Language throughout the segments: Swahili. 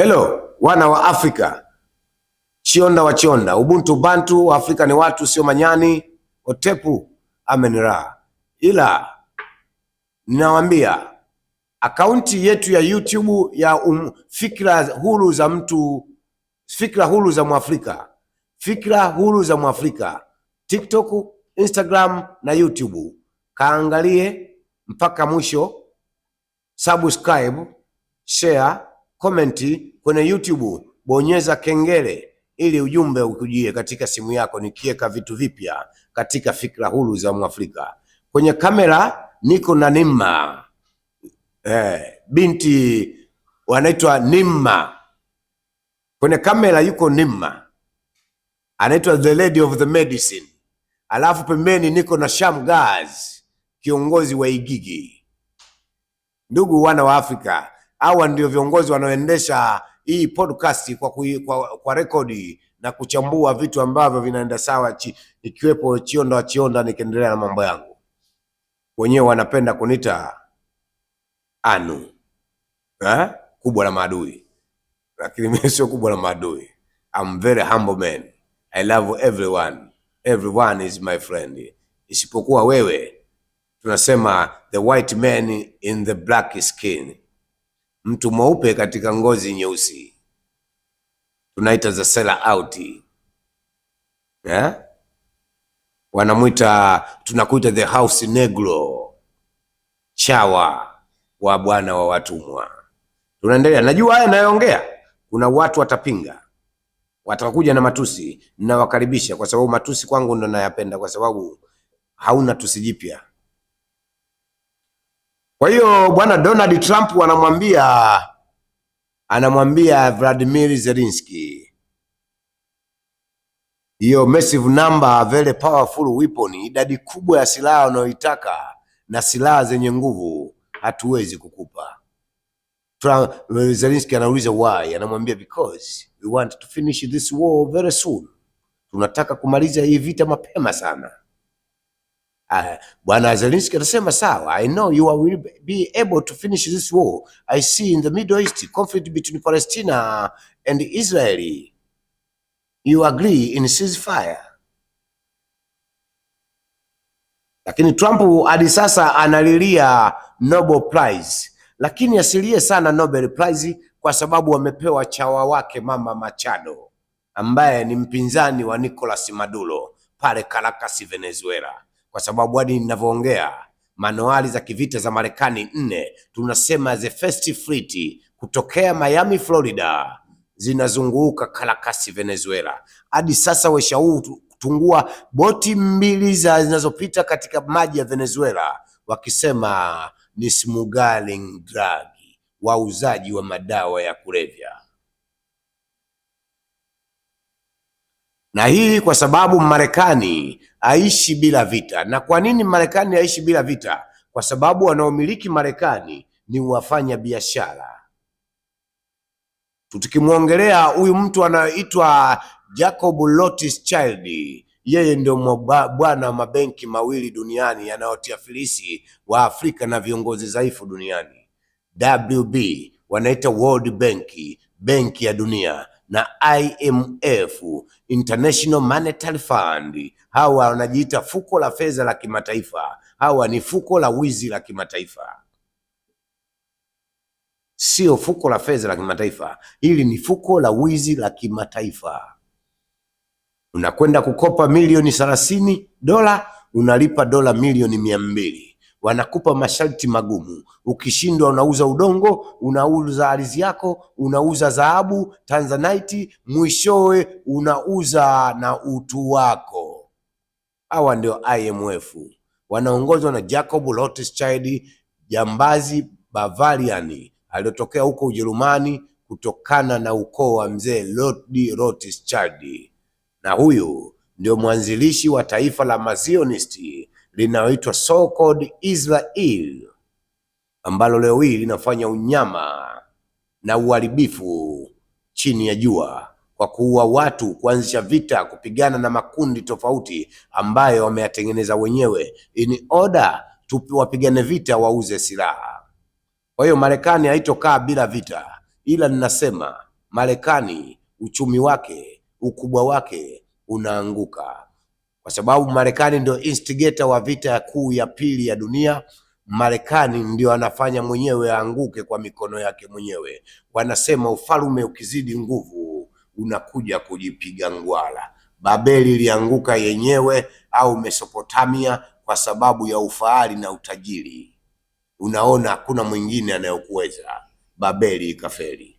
Hello wana wa Afrika, chionda wa chionda, ubuntu bantu wa Afrika ni watu sio manyani. Otepu amenira, ila ninawaambia akaunti yetu ya YouTube ya um, fikra huru za mtu, fikra huru za Mwafrika, fikra huru za Mwafrika, TikTok, Instagram na YouTube, kaangalie mpaka mwisho, subscribe, share komenti kwenye YouTube, bonyeza kengele ili ujumbe ukujie katika simu yako, nikiweka vitu vipya katika fikra huru za Mwafrika. Kwenye kamera niko na Nima eh, binti wanaitwa Nima. Kwenye kamera yuko Nima anaitwa the lady of the medicine, alafu pembeni niko na Shamgaz, kiongozi wa Igigi. Ndugu wana wa Afrika, hawa ndio viongozi wanaoendesha hii podcast kwa, kui, kwa, kwa rekodi na kuchambua vitu ambavyo vinaenda sawa chi, ikiwepo Chionda wa Chionda, nikiendelea na mambo yangu wenyewe, wanapenda kunita anu ha? Eh? kubwa la maadui, lakini mimi sio kubwa la maadui. I'm very humble man. I love everyone. Everyone is my friend, isipokuwa wewe. Tunasema the white man in the black skin mtu mweupe katika ngozi nyeusi, tunaita the sell out yeah? Wanamwita, tunakuita the house negro, chawa wa bwana wa watumwa. Tunaendelea, najua haya nayoongea, kuna watu watapinga, watakuja na matusi. Nawakaribisha, kwa sababu matusi kwangu ndo nayapenda, kwa sababu hauna tusi jipya. Kwa hiyo bwana Donald Trump anamwambia anamwambia Vladimir Zelensky, hiyo massive number very powerful weapon, idadi kubwa ya silaha unayoitaka na silaha zenye nguvu hatuwezi kukupa. Trump, eh, Zelensky anauliza why, anamwambia because we want to finish this war very soon, tunataka kumaliza hii vita mapema sana. Uh, Bwana Zelensky anasema sawa, I know you will be able to finish this war I see in the Middle East conflict between Palestina and Israel you agree in ceasefire. Lakini Trump hadi sasa analilia Nobel Prize, lakini asilie sana Nobel Prize kwa sababu wamepewa chawa wake Mama Machado ambaye ni mpinzani wa Nicolas Maduro pale Caracas, Venezuela kwa sababu hadi ninavyoongea manuali za kivita za Marekani nne tunasema the first fleet kutokea Miami, Florida zinazunguka Caracas, Venezuela. Hadi sasa kutungua boti mbili za zinazopita katika maji ya Venezuela wakisema ni smuggling drug, wauzaji wa madawa ya kulevya. na hii kwa sababu Marekani haishi bila vita. Na kwa nini Marekani haishi bila vita? Kwa sababu wanaomiliki Marekani ni wafanya biashara. Tukimwongelea huyu mtu anaitwa Jacob Rothschild, yeye ndio bwana wa mabenki mawili duniani yanayotia filisi wa Afrika na viongozi dhaifu duniani. WB wanaita World Bank, benki ya dunia na IMF, International Monetary Fund. Hawa wanajiita fuko la fedha la kimataifa, hawa ni fuko la wizi la kimataifa, sio fuko la fedha la kimataifa. Hili ni fuko la wizi la kimataifa. Unakwenda kukopa milioni thelathini dola, unalipa dola milioni mia mbili wanakupa masharti magumu. Ukishindwa unauza udongo, unauza ardhi yako, unauza dhahabu, tanzanite, mwishowe unauza na utu wako. Hawa ndio IMF wanaongozwa na Jacob Rothschild, jambazi Bavarian aliyotokea huko Ujerumani kutokana na ukoo wa mzee Lord Rothschild, na huyu ndio mwanzilishi wa taifa la Mazionisti linaloitwa so called Israel ambalo leo hii linafanya unyama na uharibifu chini ya jua kwa kuua watu, kuanzisha vita, kupigana na makundi tofauti ambayo wameyatengeneza wenyewe in order tuwapigane vita, wauze silaha. Kwa hiyo Marekani haitokaa bila vita, ila ninasema Marekani uchumi wake ukubwa wake unaanguka kwa sababu Marekani ndio instigator wa vita kuu ya pili ya dunia. Marekani ndio anafanya mwenyewe aanguke kwa mikono yake mwenyewe. Wanasema ufalme ukizidi nguvu unakuja kujipiga ngwala. Babeli ilianguka yenyewe au Mesopotamia kwa sababu ya ufahari na utajiri. Unaona, hakuna mwingine anayokuweza. Babeli ikafeli.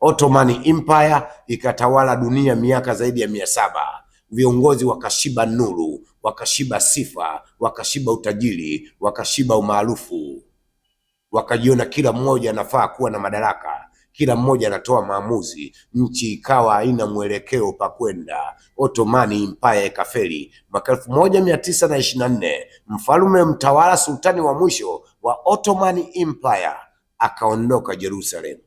Ottoman Empire ikatawala dunia miaka zaidi ya mia saba viongozi wakashiba nuru, wakashiba sifa, wakashiba utajiri, wakashiba umaarufu, wakajiona kila mmoja anafaa kuwa na madaraka, kila mmoja anatoa maamuzi. Nchi ikawa haina mwelekeo pa kwenda. Ottomani Empire ikafeli. Mwaka elfu moja mia tisa na ishirini na nne mfalume mtawala, sultani wa mwisho wa Ottoman Empire akaondoka Jerusalem.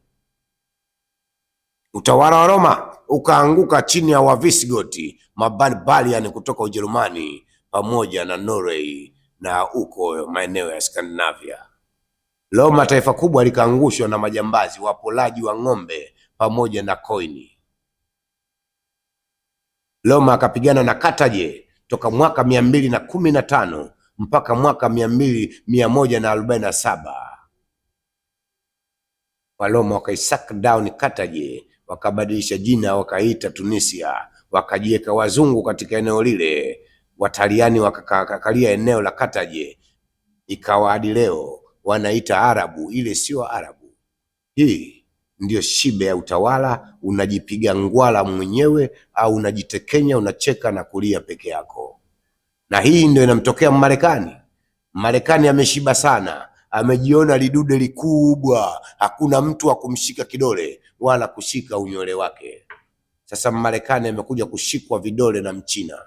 Utawala wa Roma ukaanguka chini ya Wavisigoti, mabarbaryani kutoka Ujerumani pamoja na Norway na huko maeneo ya Skandinavia. Roma, taifa kubwa, likaangushwa na majambazi wapolaji wa ng'ombe pamoja na koini. Roma akapigana na kataje toka mwaka mia mbili na kumi na tano mpaka mwaka mia mbili mia moja na arobaini na saba Waroma wakaisaka down Kataje wakabadilisha jina wakaita Tunisia, wakajiweka wazungu katika eneo lile, Wataliani wakakalia eneo la Kataje, ikawa hadi leo wanaita Arabu, ile sio Arabu. Hii ndio shibe ya utawala, unajipiga ngwala mwenyewe au unajitekenya, unacheka na kulia peke yako, na hii ndio inamtokea Mmarekani. Marekani ameshiba sana amejiona lidude likubwa, hakuna mtu wa kumshika kidole wala kushika unywele wake. Sasa marekani amekuja kushikwa vidole na Mchina.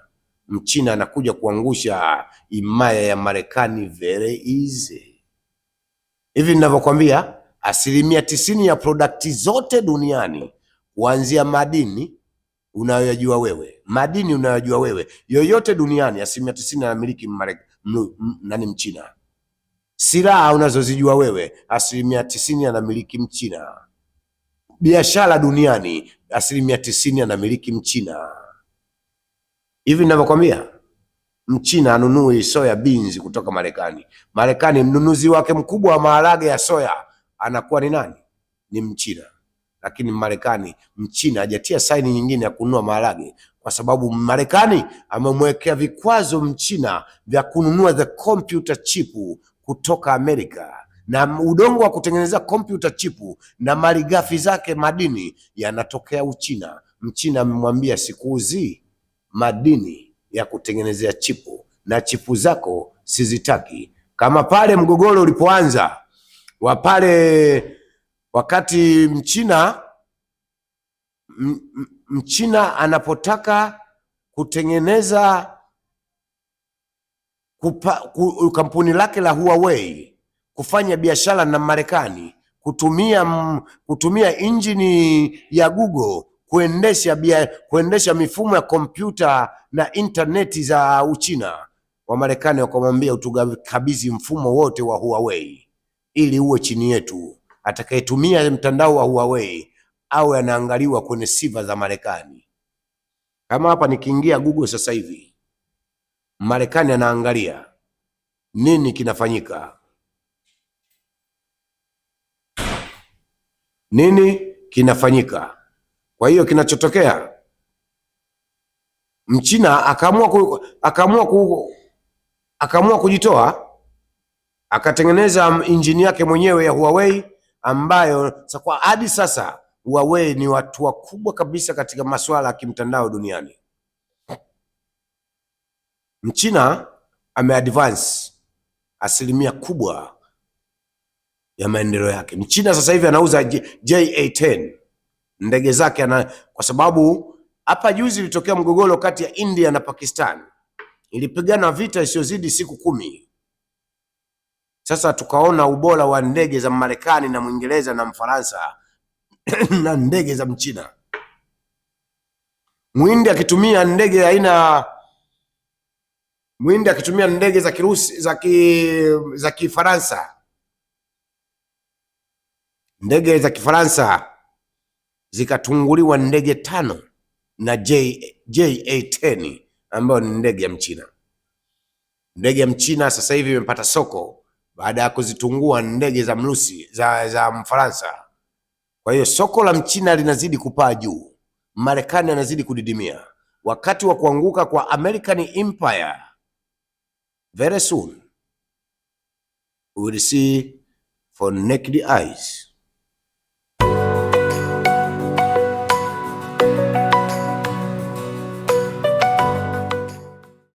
Mchina anakuja kuangusha imaya ya Marekani very easy. Hivi ninavyokwambia, asilimia tisini ya produkti zote duniani kuanzia madini unayoyajua wewe, madini unayoyajua wewe yoyote duniani, asilimia tisini anamiliki nani? Mchina. Silaha unazozijua wewe, asilimia tisini anamiliki Mchina. Biashara duniani, asilimia tisini anamiliki Mchina. Hivi ninavyokwambia, Mchina anunui soya beans kutoka Marekani. Marekani mnunuzi wake mkubwa wa maharage ya soya anakuwa ni nani? Ni Mchina. Lakini Marekani, Mchina hajatia saini nyingine ya kununua maharage kwa sababu Marekani amemwekea vikwazo Mchina vya kununua the computer chip kutoka Amerika na udongo wa kutengenezea kompyuta chipu na malighafi zake madini yanatokea Uchina. Mchina amemwambia sikuuzi madini ya kutengenezea chipu na chipu zako sizitaki. Kama pale mgogoro ulipoanza wa pale, wakati Mchina Mchina anapotaka kutengeneza kupa, ku, kampuni lake la Huawei kufanya biashara na Marekani kutumia, kutumia injini ya Google kuendesha, bia, kuendesha mifumo ya kompyuta na intaneti za Uchina. Wamarekani wakamwambia utukabidhi mfumo wote wa Huawei ili uwe chini yetu. Atakayetumia mtandao wa Huawei awe anaangaliwa kwenye sifa za Marekani. Kama hapa nikiingia Google sasa hivi Marekani anaangalia nini kinafanyika, nini kinafanyika. Kwa hiyo kinachotokea, mchina akaamua ku, akaamua ku, akaamua kujitoa akatengeneza injini yake mwenyewe ya Huawei ambayo kwa hadi sasa Huawei ni watu wakubwa kabisa katika masuala ya kimtandao duniani. Mchina ameadvance asilimia kubwa ya maendeleo yake. Mchina sasa hivi anauza JA10 ndege zake ana, kwa sababu hapa juzi ilitokea mgogoro kati ya India na Pakistan, ilipigana vita isiyozidi siku kumi. Sasa tukaona ubora wa ndege za Marekani na Mwingereza na Mfaransa na ndege za Mchina. Mwindi akitumia ndege aina Mwindi akitumia ndege za Kirusi za ki za Kifaransa, ndege za Kifaransa zikatunguliwa ndege tano na JA10 ambayo ni ndege ya Mchina. Ndege ya Mchina sasa hivi imepata soko baada ya kuzitungua ndege za Mrusi za, za Mfaransa. Kwa hiyo soko la Mchina linazidi kupaa juu, Marekani anazidi kudidimia. Wakati wa kuanguka kwa American Empire Very soon, we will see for naked eyes